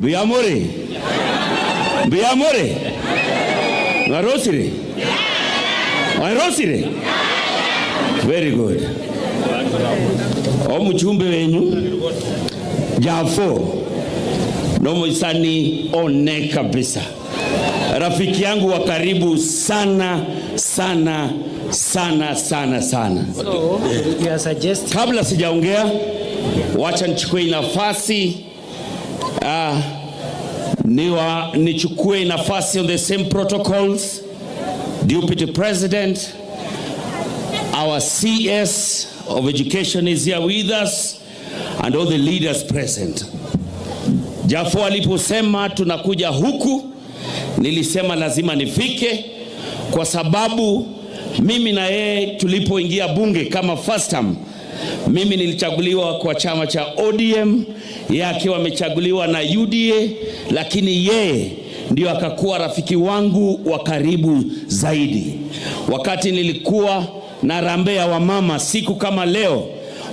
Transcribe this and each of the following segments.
Biamore. Biamore. Warosire. Warosire. Very good. Omuchumbe wenyu Jafo no one kabisa, rafiki yangu wa karibu sana sana sana sana sana. So, kabla sijaongea, wacha nichukue nafasi ah, niwa nichukue nafasi on the same protocols. Deputy President, our CS of education is here with us and all the leaders present. Jafo aliposema tunakuja huku, nilisema lazima nifike kwa sababu mimi na yeye tulipoingia bunge kama first term, mimi nilichaguliwa kwa chama cha ODM akiwa amechaguliwa na UDA, lakini yeye ndio akakuwa rafiki wangu wa karibu zaidi. Wakati nilikuwa na rambea wa mama siku kama leo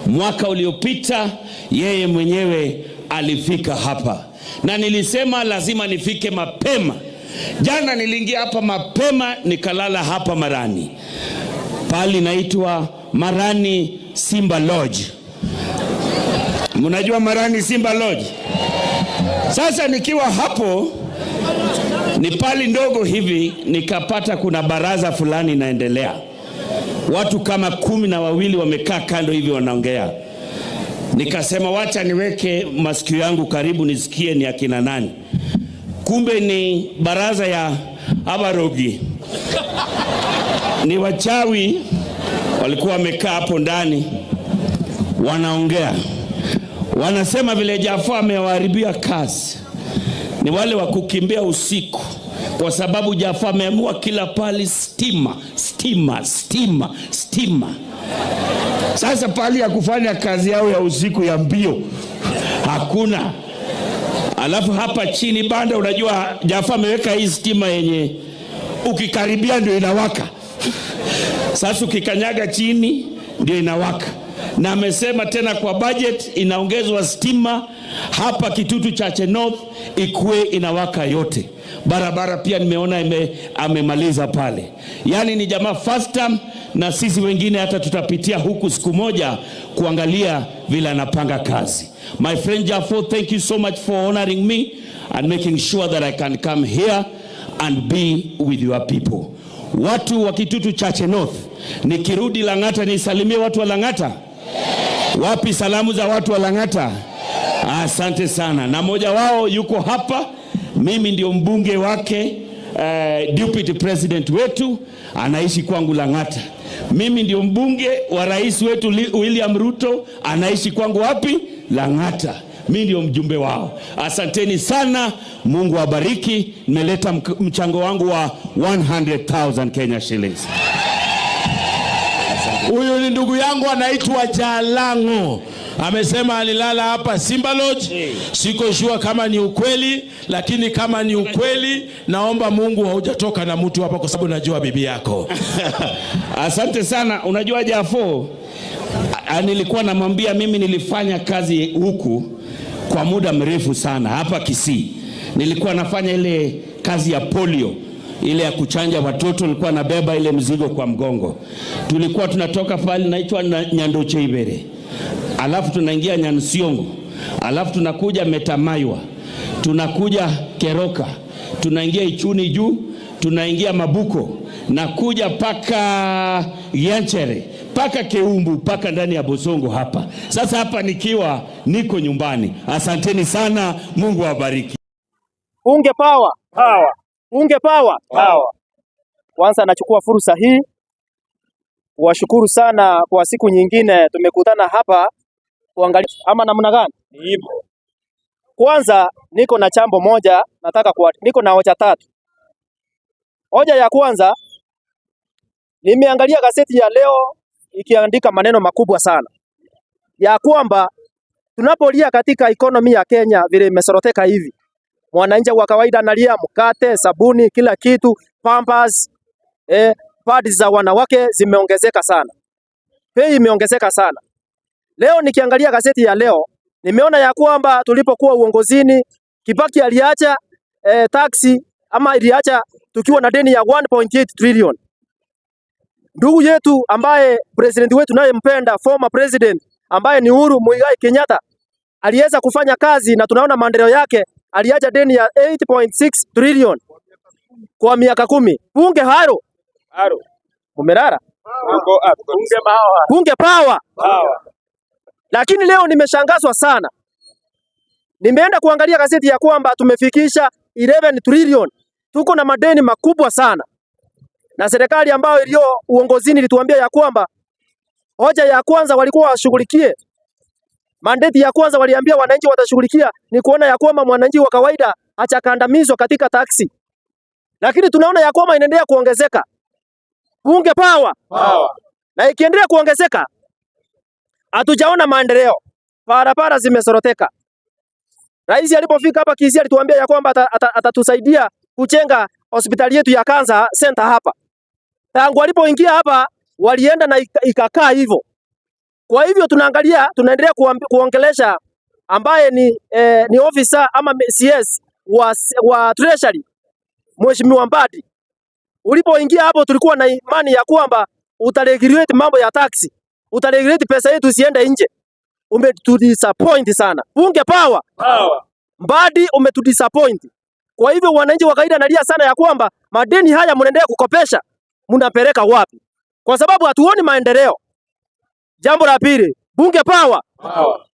mwaka uliopita, yeye mwenyewe alifika hapa na nilisema lazima nifike mapema. Jana niliingia hapa mapema nikalala hapa Marani, pali naitwa Marani Simba Lodge. Mnajua Marani Simba Lodge. Sasa nikiwa hapo ni pali ndogo hivi, nikapata kuna baraza fulani inaendelea, watu kama kumi na wawili wamekaa kando hivi wanaongea. Nikasema wacha niweke masikio yangu karibu nisikie ni akina nani. Kumbe ni baraza ya Abarogi, ni wachawi walikuwa wamekaa hapo ndani wanaongea. Wanasema vile Jafaa amewaharibia kazi ni wale wa kukimbia usiku, kwa sababu Jafaa ameamua kila pali stima, stima, stima, stima. Sasa pali ya kufanya kazi yao ya usiku ya mbio hakuna. Alafu hapa chini banda, unajua Jafaa ameweka hii stima yenye ukikaribia ndio inawaka. Sasa ukikanyaga chini ndio inawaka na amesema tena kwa budget inaongezwa stima hapa Kitutu Chache North ikuwe inawaka yote. Barabara pia nimeona ime, amemaliza pale. Yaani ni jamaa first time, na sisi wengine hata tutapitia huku siku moja kuangalia vile anapanga kazi. My friend Jafo, thank you so much for honoring me and making sure that I can come here and be with your people. Watu wa Kitutu Chache North, nikirudi Lang'ata nisalimie watu wa Lang'ata. Wapi salamu za watu wa Lang'ata? Asante sana, na mmoja wao yuko hapa, mimi ndio mbunge wake eh, deputy president wetu anaishi kwangu Lang'ata. Mimi ndio mbunge wa rais wetu William Ruto anaishi kwangu wapi? Lang'ata. Mimi ndio mjumbe wao. Asanteni sana, Mungu awabariki. Nimeleta mchango wangu wa 100,000 Kenya shillings. Huyu ni ndugu yangu anaitwa Jalango, amesema alilala hapa Simba Lodge. Siko sure kama ni ukweli, lakini kama ni ukweli, naomba Mungu haujatoka na mtu hapa, kwa sababu najua bibi yako. Asante sana. Unajua Jafo, nilikuwa namwambia mimi nilifanya kazi huku kwa muda mrefu sana hapa Kisii, nilikuwa nafanya ile kazi ya polio ile ya kuchanja watoto, nilikuwa nabeba ile mzigo kwa mgongo. Tulikuwa tunatoka pale naitwa Nyandocheibere, alafu tunaingia Nyansiongo, alafu tunakuja Metamaiwa, tunakuja Keroka, tunaingia Ichuni juu, tunaingia Mabuko nakuja paka Yanchere paka Keumbu paka ndani ya Bosongo hapa sasa. Hapa nikiwa niko nyumbani. Asanteni sana, Mungu awabariki. Unge power. Power unge pawa pawa. Kwanza nachukua fursa hii washukuru sana kwa siku nyingine tumekutana hapa kuangalia ama namna gani. Kwanza niko na chambo moja nataka kwa, niko na hoja tatu. Hoja ya kwanza, nimeangalia gazeti ya leo ikiandika maneno makubwa sana ya kwamba tunapolia katika ekonomi ya Kenya vile imesoroteka hivi Mwananchi wa kawaida analia mkate, sabuni, kila kitu, pampers, eh, pads za wanawake zimeongezeka sana. Bei imeongezeka sana. Leo nikiangalia gazeti ya leo, nimeona ya kwamba tulipokuwa uongozini Kibaki aliacha eh, taxi ama iliacha tukiwa na deni ya 1.8 trillion. Ndugu yetu ambaye president wetu naye mpenda former president ambaye ni Uhuru Muigai Kenyatta aliweza kufanya kazi na tunaona maendeleo yake aliacha deni ya 8.6 trillion kwa miaka kumi. Bunge haro haro, mumerara bunge Power. Lakini leo nimeshangazwa sana, nimeenda kuangalia gazeti ya kwamba tumefikisha 11 trillion, Tuko na madeni makubwa sana, na serikali ambayo iliyo uongozini ilituambia ya kwamba hoja ya kwanza walikuwa washughulikie Mandeti ya kwanza waliambia wananchi watashughulikia ni kuona ya kwamba mwananchi wa kawaida achakandamizwa katika taksi, lakini tunaona ya kwamba inaendelea kuongezeka. Bunge pawa Na ikiendelea kuongezeka hatujaona maendeleo, barabara zimesoroteka. Rais alipofika hapa Kisii alituambia ya kwamba atatusaidia ata, ata kujenga hospitali yetu ya Cancer Center hapa. Tangu alipoingia hapa walienda na ikakaa hivyo kwa hivyo tunaangalia, tunaendelea kuongelesha ambaye ni, eh, ni officer ama CS wa, wa Treasury Mheshimiwa Mbadi. Ulipoingia hapo tulikuwa na imani ya kwamba utaregulate mambo ya taxi, utaregulate pesa yetu isiende nje. Umetudisappoint sana. Bunge power. Power. Mbadi umetudisappoint. Kwa hivyo wananchi wa kawaida analia sana ya kwamba madeni haya mnaendelea kukopesha, mnapeleka wapi? Kwa sababu hatuoni maendeleo. Jambo la pili, bunge pawa. Pawa.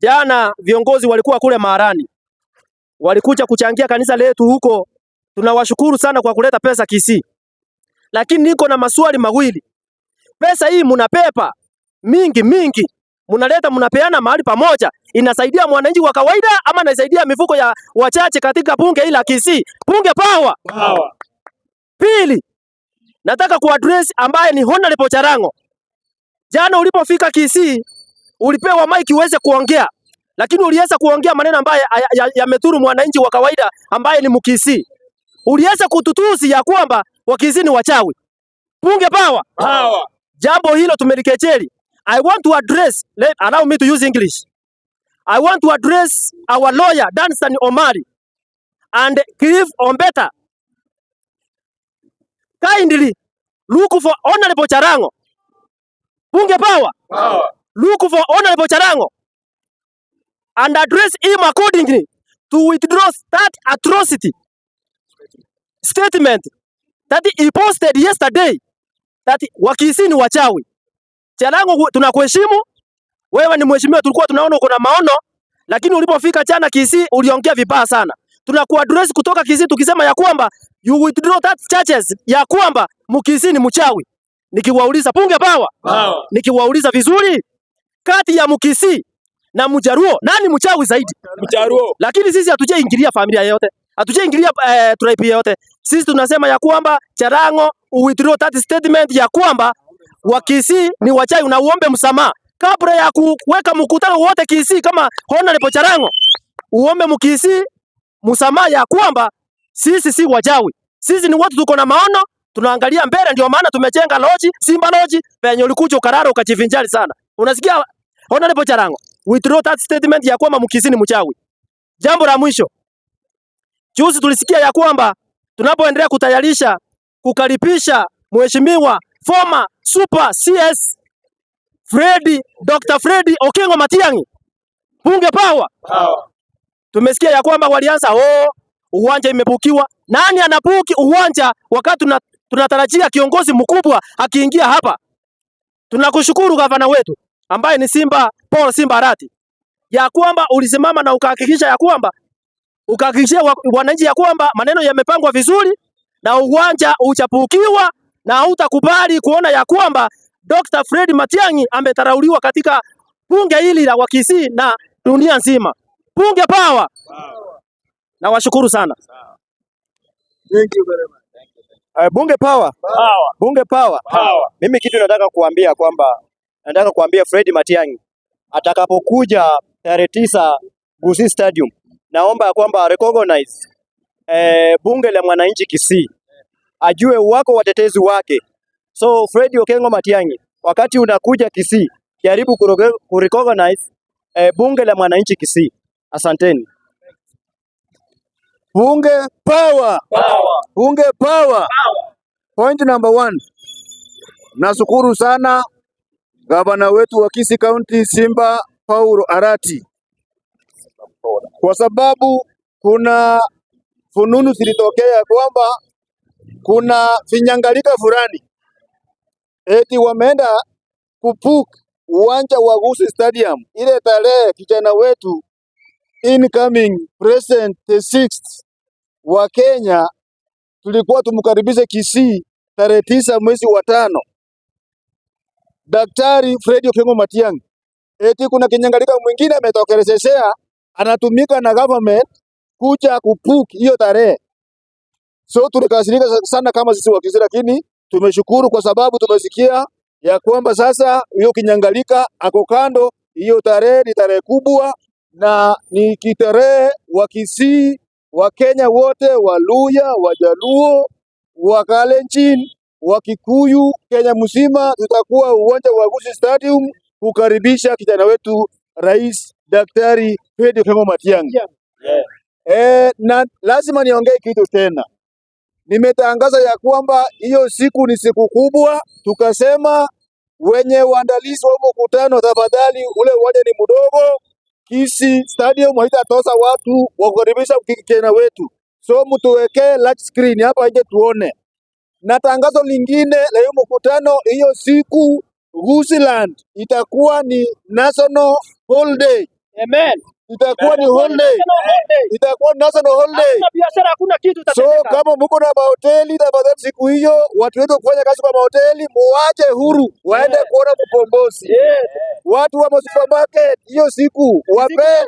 Jana viongozi walikuwa kule Maarani, walikuja kuchangia kanisa letu huko. Tunawashukuru sana kwa kuleta pesa kisi, lakini niko na maswali mawili. Pesa hii munapepa mingi mingi, munaleta munapeana mahali pamoja, inasaidia mwananchi wa kawaida ama inasaidia mifuko ya wachache katika bunge hili la Kisi? Bunge pawa. Pawa. Pili, nataka kuaddress ambaye ni Honorable Charango Jana ulipofika Kisii ulipewa mike uweze kuongea, lakini uliweza kuongea maneno ambayo yamedhuru ya, ya mwananchi wa kawaida ambaye ni Mkisii. Uliweza kututusi ya kwamba Wakisii ni wachawi, bunge pawa hawa. Jambo hilo tumelikecheli. I want to address, let, allow me to use English. I want to address our lawyer Danstan Omari and Cliff Ombeta kindly look for Honorable Charango Bunge power. Look for Honorable Charango and address him accordingly to withdraw that atrocity statement that he posted yesterday that Wakisi ni wachawi. Charango, tunakuheshimu wewe, ni mheshimiwa, tulikuwa tunaona uko na maono, lakini ulipofika chana Kisi uliongea vibaya sana. Tunakuaddress kutoka Kisi tukisema ya kwamba you withdraw that charges ya kwamba mkisi ni mchawi nikiwauliza punge bawa. nikiwauliza vizuri, kati ya Mkisii na Mjaruo nani mchawi zaidi? Mjaruo. Lakini sisi hatujaingilia familia yoyote, hatujaingilia eh, tribe yote. Sisi tunasema ya kwamba Charango withdraw that statement ya kwamba Wakisii ni wachawi, uombe msamaha kabla ya kuweka mkutano wote kisi Kama honorable Charango, uombe mkisi msamaha ya kwamba sisi si wachawi, sisi ni watu tuko na maono Tunaangalia mbele, ndio maana tumejenga loji Simba loji, penye ulikuja ukarara ukajivinjari sana. Unasikia? Ona lipo charango. Withdraw that statement ya kwamba Mkhizi ni mchawi. Jambo la mwisho. Juzi tulisikia ya kwamba tunapoendelea kutayarisha kukaribisha mheshimiwa former super CS Freddy Dr. Freddy Okengo Matiang'i bunge power. Tumesikia ya kwamba walianza oh, uwanja imebukiwa. Nani anabuki uwanja wakati Tunatarajia kiongozi mkubwa akiingia hapa. Tunakushukuru gavana wetu ambaye ni Simba Paul Simba Arati, ya kwamba ulisimama na ukahakikisha ya kwamba ukahakikishia wananchi ya kwamba maneno yamepangwa vizuri na uwanja uchapukiwa na hautakubali kuona ya kwamba Dr. Fred Matiang'i ametarauliwa katika bunge hili la Wakisii na dunia nzima. Bunge pawa. Nawashukuru sana. Thank you very much. Uh, Bunge Power. Power. Bunge Power. Power. Mimi kitu nataka kuambia kwamba nataka kuambia Fred Matiang'i atakapokuja tarehe tisa Gusii Stadium, naomba ya kwamba recognize eh, bunge la mwananchi Kisii, ajue wako watetezi wake. So Fred Okengo Matiang'i, wakati unakuja Kisii, jaribu recognize eh, bunge la mwananchi Kisii. Asanteni. Bunge Power. Power. Power. Point number one, nashukuru sana gavana wetu wa Kisii County Simba Paulo Arati kwa sababu kuna fununu zilitokea kwamba kuna vinyangalika fulani eti wameenda kupuk uwanja wa Gusii Stadium ile tarehe kijana wetu incoming president the sixth wa Kenya tulikuwa tumkaribisha Kisii tarehe tisa mwezi wa tano, Daktari Fred Okengo Matiang'i, eti kuna kinyangalika mwingine ametokelezeshea anatumika na government kuja kupuk hiyo tarehe. So tulikasirika sana kama sisi wa wakizi, lakini tumeshukuru kwa sababu tumesikia ya kwamba sasa hiyo kinyangalika ako kando. Hiyo tarehe ni tarehe kubwa na ni kitarehe wa Kisii Wakenya wote, Waluya, Wajaluo, Wakalenjin, Wakikuyu, Kenya mzima tutakuwa uwanja wa Gusii Stadium kukaribisha kijana wetu Rais Daktari Fred Femo Matiang'i. Yeah. Eh, na lazima niongee kitu tena. Nimetangaza ya kwamba hiyo siku ni siku kubwa, tukasema wenye waandalizi wa mkutano, tafadhali ule uwanja ni mdogo kisi Stadium tosa watu wakukaribisha kikikena wetu, so mtuweke large screen hapa nje tuone. Na tangazo lingine la hiyo mkutano, hiyo siku Gusii itakuwa ni national holiday. Amen itakuwa ni holiday, itakuwa ni national holiday. biashara hakuna kitu So kama muko na mahoteli na siku hiyo, watu wetu kufanya kazi kwa mahoteli, muwache huru waende kuona mkombozi. Watu wa supermarket hiyo siku wape,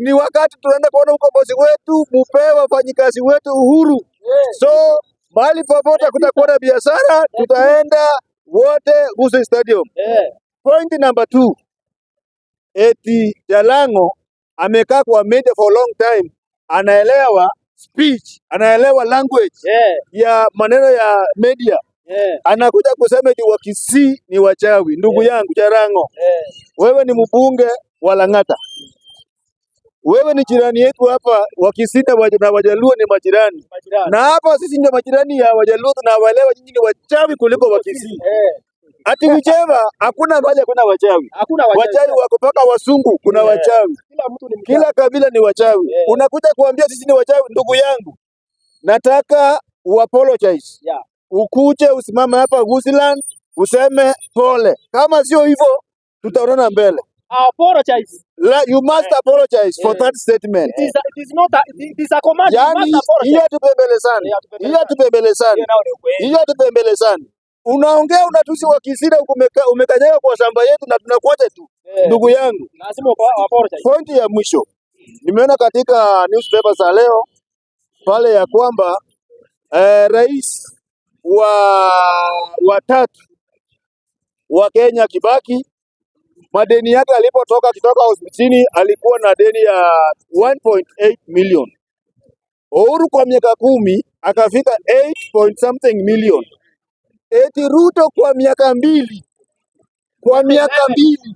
ni wakati tunaenda kuona mkombozi wetu, mupe wafanyikazi wetu uhuru. So mahali popote kutakuwa na biashara, tutaenda wote Gusii Stadium. Point number two, eti Jalango amekaa kwa media for a long time, anaelewa speech, anaelewa language yeah. ya maneno ya media yeah. anakuja kusema juu wakisii ni wachawi. Ndugu yeah. yangu Jarango yeah. wewe ni mbunge wa Lang'ata, wewe ni jirani yetu hapa. Wakisii na Wajaluo ni majirani, majirani. na hapa sisi ndio majirani ya Wajaluo, tunawaelewa nyinyi ni wachawi kuliko Wakisii yeah. Ati Ushema hakuna mahali hakuna wachawi. Hakuna wachawi. Wachawi wako paka wasungu kuna yeah. Wachawi. Kila mtu ni mchawi. Kila kabila ni wachawi. Yeah. Unakuja kuambia sisi ni wachawi ndugu yangu. Nataka uapologize. Yeah. Ukuje usimame hapa Gusiland useme pole. Kama sio hivyo tutaonana mbele. Apologize. La, you must yeah. apologize yeah. for eh. that statement. It is, it is not a, it is a command. Yani, you must apologize. hiyo tupembele eh, sana. Hiyo tupembele sana. Hiyo tupembele sana unaongea unatusi wa kisida umekanyaga kwa shamba yetu na tunakuacha tu yeah. Ndugu yangu, pointi ya mwisho nimeona katika newspaper za leo pale ya kwamba eh, rais wa watatu wa Kenya Kibaki madeni yake alipotoka kitoka hospitalini alikuwa na deni ya 1.8 million. Uhuru kwa miaka kumi akafika 8 point something million eti Ruto kwa miaka mbili, kwa miaka mbili,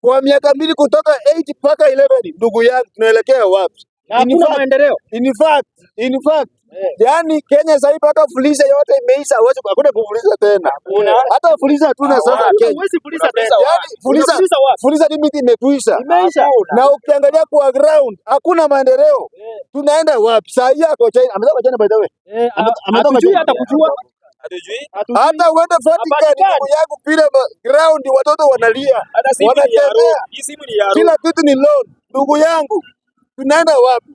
kwa miaka mbili kutoka 8 mpaka 11, ndugu yangu, tunaelekea wapi? Hakuna maendeleo. In fact, in fact, yeah. Yaani Kenya sasa hivi mpaka fuliza yote imeisha, hawezi hakuna kufuliza tena. Yeah. Hata fuliza hatuna ah, sasa Kenya. Huwezi fuliza yaani tena. Yani fuliza fuliza limit imekuisha. Imeisha. Na ukiangalia kwa ground hakuna maendeleo. Yeah. Tunaenda wapi? Sasa hii ako China. Ametoka China by the way. Eh, ah, ametoka hata kujua hata uende Vatican ndugu yangu pile ground, watoto wanalia, wanatembea, Hii simu ni yaro. kila kitu ni loan. Ndugu yangu, tunaenda wapi?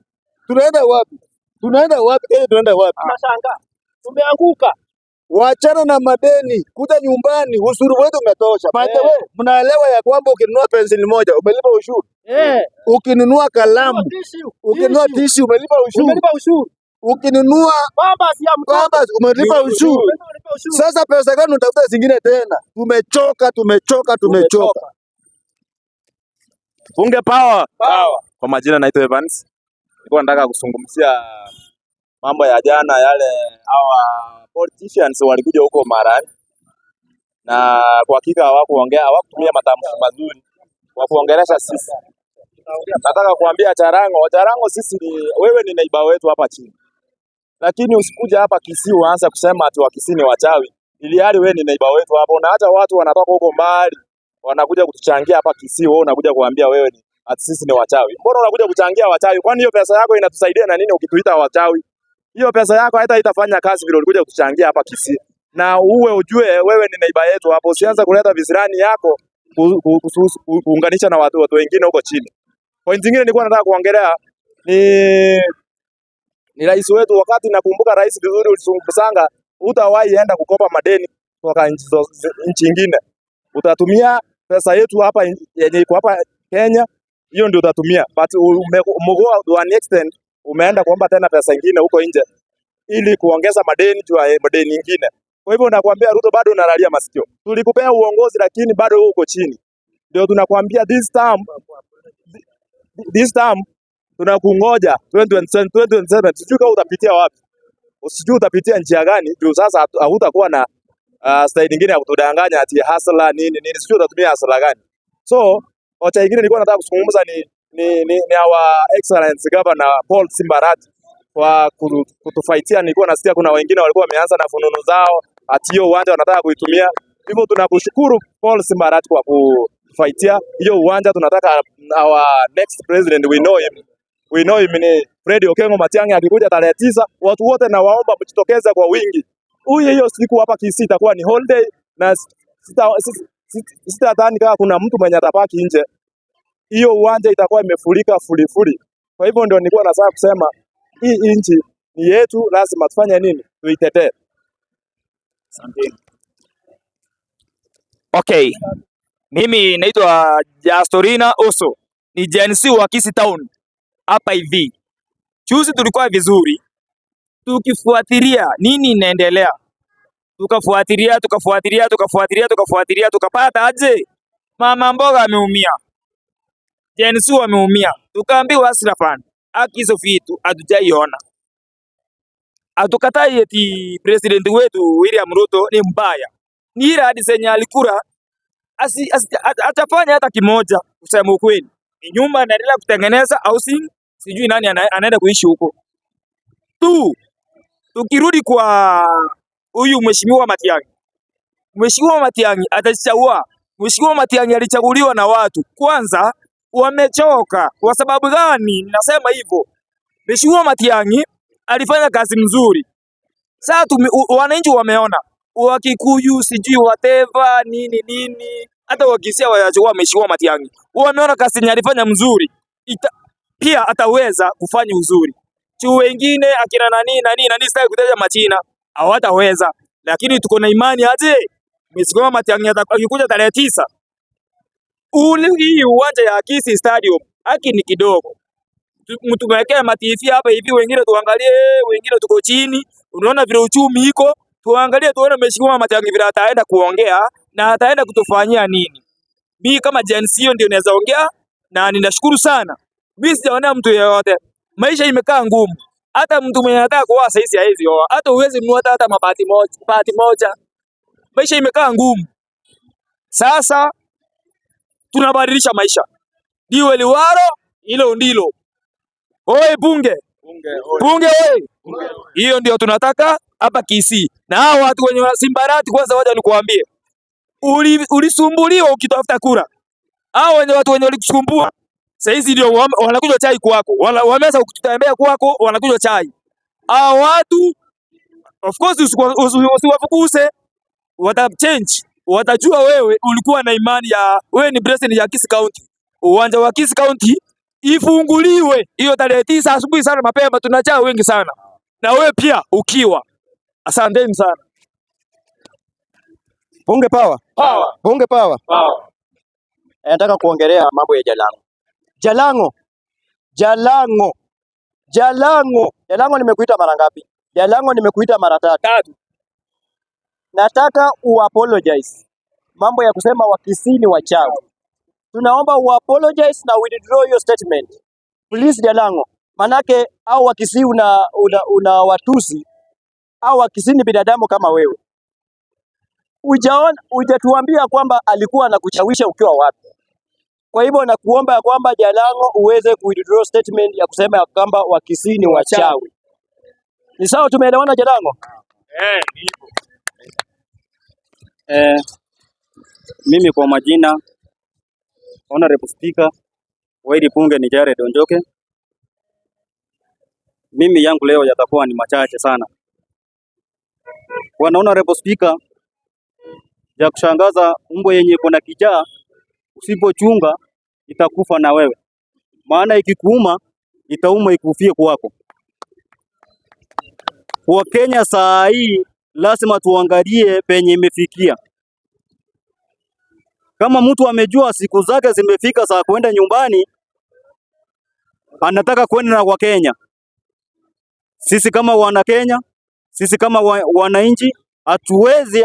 Tunaenda wapi? Tunaenda wapi? Eh, tunaenda wapi? Mashanga. tumeanguka. Wachana na madeni, kuja nyumbani, ushuru wetu umetosha. By the way, mnaelewa ya kwamba ukinunua penseli moja umelipa ushuru, Eh. ukinunua kalamu, ukinunua tissue umelipa ushuru ukinunua umelipa ushuru, sasa pesa gani utafuta zingine tena? Tumechoka, tumechoka, tumechoka. Unge power. Power. Kwa majina naitwa Evans. Nilikuwa nataka kuzungumzia mambo ya jana yale, hawa politicians walikuja huko Marani na kwa hakika hawakuongea, hawakutumia matamshi mazuri kwa kuongelesha sisi. Nataka kuambia Charango, Charango, sisi ni wewe, ni neighbor wetu hapa chini lakini usikuja hapa Kisii uanze kusema ati wa Kisii ni wachawi, ili hali wewe ni neighbor wetu hapo, na hata watu wanatoka huko mbali wanakuja kutuchangia hapa Kisii, wewe unakuja kuambia wewe ni ati sisi ni wachawi. Mbona unakuja kuchangia wachawi? Kwani hiyo pesa yako inatusaidia na nini ukituita wachawi? Hiyo pesa yako hata itafanya kazi vile ulikuja kutuchangia hapa Kisii. Na uwe ujue wewe ni neighbor yetu hapo, usianze kuleta visirani yako kuunganisha na watu watu wengine huko chini. Point nyingine nilikuwa nataka kuongelea ni ni rais wetu. Wakati nakumbuka rais vizuri, ulisanga utawahi enda kukopa madeni kutoka nchi nyingine, utatumia pesa yetu hapa yenye iko hapa Kenya, hiyo ndio utatumia, but umegoa to an extent, umeenda kuomba tena pesa nyingine huko nje ili kuongeza madeni juu ya madeni nyingine. Kwa hivyo nakwambia Ruto, bado unalalia masikio. Tulikupea uongozi lakini bado uko chini. Ndio tunakwambia this time, this time tunakungoja 2027. 2027, Sijui kama utapitia wapi, usijui utapitia njia gani, juu sasa hautakuwa na uh, style nyingine ya kutudanganya ati hasla nini nini, sijui utatumia hasla gani. So hoja nyingine nilikuwa nataka kuzungumza ni ni, ni, ni our excellence governor Paul Simbarati kwa kutufaitia. Nilikuwa nasikia kuna wengine walikuwa wameanza na fununu zao ati hiyo uwanja wanataka kuitumia hivyo. Tunakushukuru Paul Simbarati kwa kufaitia hiyo uwanja. Tunataka our next president we know him We know him ni Fred Okengo Matiang'i akikuja tarehe tisa, watu wote na waomba mjitokeze kwa wingi. Huyu hiyo siku hapa Kisii itakuwa ni holiday na sitadhani sita, sita, sita kama kuna mtu mwenye atapaki nje. Hiyo uwanja itakuwa imefurika fulifuli. Kwa hivyo ndio nilikuwa nataka kusema hii inchi ni yetu, lazima tufanye nini? Tuitetee. Okay. Mimi naitwa Jastorina Oso ni Gen Z wa Kisii Town hapa hivi. Juzi tulikuwa vizuri, tukifuatilia nini inaendelea, tukafuatilia tukafuatilia tukafuatilia tukafuatilia, tukapata aje, mama mboga ameumia, Jensu ameumia, tukaambiwa Asrafan haki hizo vitu hatujaiona. atukatai eti president wetu William Ruto ni mbaya, ni ile hadi senye alikura atafanya hata kimoja. Kusema ukweli, ni nyumba anaendelea kutengeneza housing sijui nani anaenda kuishi huko tu. Tukirudi kwa huyu mheshimiwa Matiang'i, mheshimiwa Matiang'i atachagua. Mheshimiwa Matiang'i alichaguliwa na watu, kwanza wamechoka. Kwa sababu gani ninasema hivyo? Mheshimiwa Matiang'i alifanya kazi mzuri, sasa wananchi wameona, Wakikuyu sijui wateva nini nini, hata Wakisia wayachukua Mheshimiwa Matiang'i, wameona kazi alifanya mzuri Ita pia ataweza kufanya uzuri. Tu wengine akina nani nani nani, sitaki kutaja majina, hawataweza, lakini tuko na imani aje Mwesigoma Matiang'i akikuja tarehe tisa ule hii uwanja ya Kisii Stadium haki ni kidogo, mtumewekea matifi hapa hivi, wengine tuangalie, wengine tuko chini, unaona vile uchumi iko, tuangalie tuone Mwesigoma Matiang'i vile ataenda kuongea na ataenda kutufanyia nini. Mimi kama Jansio ndio naweza ongea na ninashukuru sana. Mimi sijaonea mtu yeyote. Maisha imekaa ngumu. Hata mtu mwenye anataka kuoa sasa hizi hawezi oa. Hata uwezi mnua hata mabati moja, bahati moja. Maisha imekaa ngumu. Sasa tunabadilisha maisha. Diwe liwaro hilo ndilo. oye, bunge. Bunge oye, Hiyo ndio tunataka hapa Kisii. Na hao watu wenye wasimbarati kwanza waje nikuambie. Ulisumbuliwa ukitafuta kura. Hao wenye watu wenye walikusumbua Saizi ndio wanakunywa chai kwako, wameanza kutembea kwako, wanakunywa chai. Hao watu of course usiwafukuse, change, watajua wewe ulikuwa na imani ya wewe ni president ya Kisii County. Uwanja wa Kisii County ifunguliwe hiyo tarehe tisa asubuhi sana mapema, tunachaa wengi sana na wewe pia ukiwa. Asanteni sana. Bonge Power. Power. Bonge Power. Power. Nataka kuongelea mambo ya jalangu Jalango, Jalango, Jalango, Jalango, nimekuita mara ngapi? Jalango, nimekuita mara tatu. Nataka uapologize mambo ya kusema Wakisii ni wachawi. Tunaomba uapologize na withdraw your statement please, Jalango, manake au Wakisii una, una, una watusi au Wakisii ni binadamu kama wewe. Ujaona, hujatuambia kwamba alikuwa anakuchawisha ukiwa wapi? Kwa hivyo nakuomba ya kwamba Jalang'o uweze kuidraw statement ya kusema ya kwamba wakisi ni wachawi. Ni sawa, tumeelewana Jalang'o? Eh, Eh, mimi kwa majina Honorable Speaker Wairi Punge ni Jared Onjoke. Mimi yangu leo yatakuwa ni machache sana. Bwana Honorable Speaker, ya kushangaza mbwa yenye iko na kijaa Usipochunga itakufa na wewe, maana ikikuuma itauma ikufie kwako. Kwa Kenya saa hii lazima tuangalie penye imefikia. Kama mtu amejua siku zake zimefika za kwenda nyumbani, anataka kwenda kwa Kenya. Sisi kama wana Kenya, sisi kama wananchi hatuwezi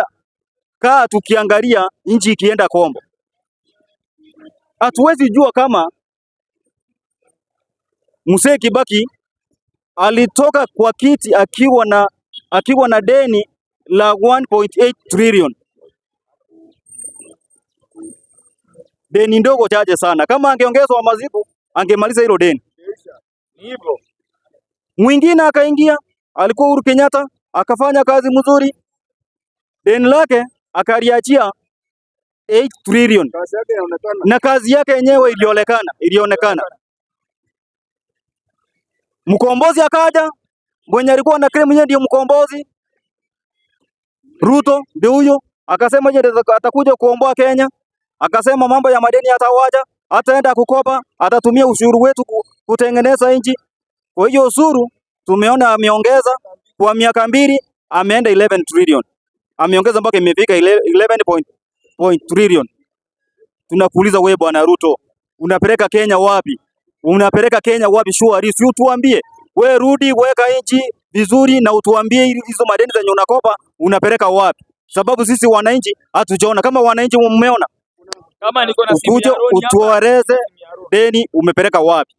kaa tukiangalia nchi ikienda kombo. Hatuwezi jua kama mzee Kibaki alitoka kwa kiti akiwa na, akiwa na deni la 1.8 trillion. Deni ndogo chache sana, kama angeongezwa mazibu angemaliza hilo deni. Hivyo mwingine akaingia, alikuwa Uhuru Kenyatta akafanya kazi mzuri, deni lake akaliachia 8 trillion na kazi yake yenyewe ilionekana, ilionekana. Mkombozi akaja mwenye alikuwa na claim yeye ndio mkombozi, Ruto ndio huyo, akasema yeye atakuja kuomboa Kenya, akasema mambo ya madeni atawaja, ataenda kukopa, atatumia ushuru wetu kutengeneza nchi. Kwa hiyo ushuru tumeona ameongeza kwa miaka mbili, ameenda 11 trillion, ameongeza mpaka imefika 11 point trillion. Tunakuuliza wewe bwana Ruto, unapeleka Kenya wapi? Unapeleka Kenya wapi? shuari si utuambie we, rudi weka nchi vizuri na utuambie hizo madeni zenye unakopa unapeleka wapi? Sababu sisi wananchi hatujaona. Kama wananchi mmeona, kama niko na simu ya Roni, utuareze deni umepeleka wapi?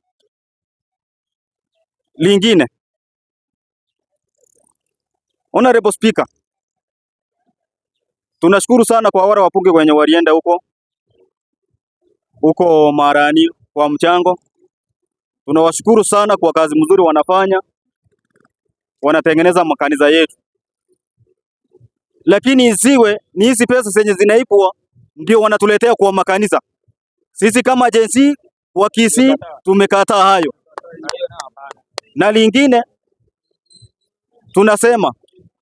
Lingine, Honorable Speaker Tunashukuru sana kwa wale wabunge wenye walienda huko huko Marani kwa mchango. Tunawashukuru sana kwa kazi mzuri wanafanya, wanatengeneza makanisa yetu, lakini isiwe ni hizi pesa zenye zinaipwa ndio wanatuletea kwa makanisa. Sisi kama jensi wa Kisii tumekataa hayo, na lingine tunasema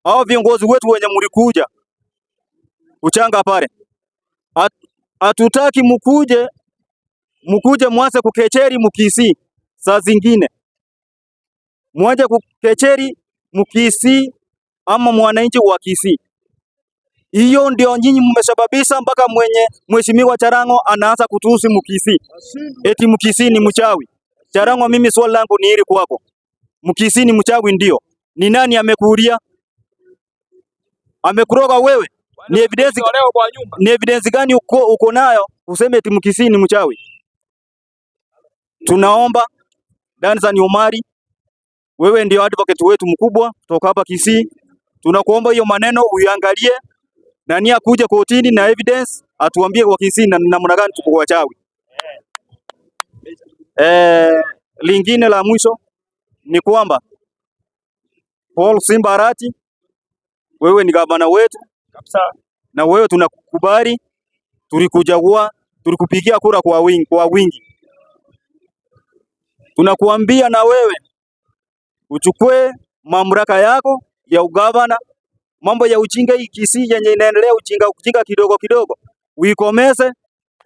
hao viongozi wetu wenye mlikuja uchanga pale. At, atutaki mkuje mkuje mwanze kukecheri mkisi, saa zingine mwanje kukecheri mkisi ama mwananchi wa Kisii. Hiyo ndio nyinyi mmesababisha mpaka mwenye mheshimiwa Charango anaanza kutusi mkisi, eti mkisi ni mchawi. Charango, mimi swali langu ni hili kwako, mkisi ni mchawi ndio? Ni nani amekuulia? Amekuroga wewe? ni evidence kwa nyumba. Ni evidence gani uko, uko nayo useme eti Kisii ni mchawi? Tunaomba Dansan Omari, wewe ndio advocate wetu mkubwa kutoka hapa Kisii, tunakuomba hiyo maneno uiangalie na ni akuje kotini na evidence atuambie kwa Kisii na namna gani tuko wachawi. Eh, lingine la mwisho ni kwamba Paul Simbarati, wewe ni gavana wetu kabisa na wewe tunakukubali, tulikuchagua, tulikupigia kura kwa wingi, kwa wingi. Tunakuambia na wewe uchukue mamlaka yako ya ugavana. Mambo ya ujinga ikisi yenye inaendelea ujinga ujinga kidogo kidogo uikomeze,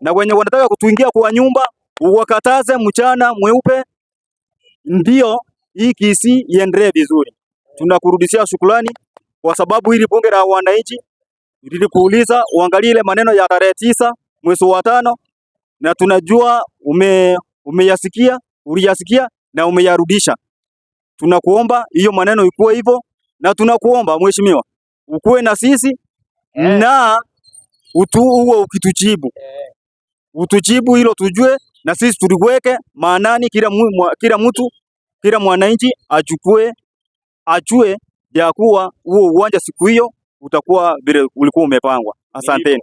na wenye wanataka kutuingia kwa nyumba uwakataze mchana mweupe, ndio hii kisi iendelee vizuri. Tunakurudishia shukrani kwa sababu hili bunge la wananchi nilikuuliza uangalie ile maneno ya tarehe tisa mwezi wa tano, na tunajua ume, umeyasikia uliyasikia na umeyarudisha. Tunakuomba hiyo maneno ikuwe hivyo, na tunakuomba mheshimiwa ukuwe na sisi yeah. na utu uwe ukitujibu yeah. utujibu hilo tujue, na sisi tuliweke maanani, kila mwa, kila mtu kila mwananchi achukue ajue ya kuwa huo uwanja siku hiyo utakuwa vile ulikuwa umepangwa. Asanteni.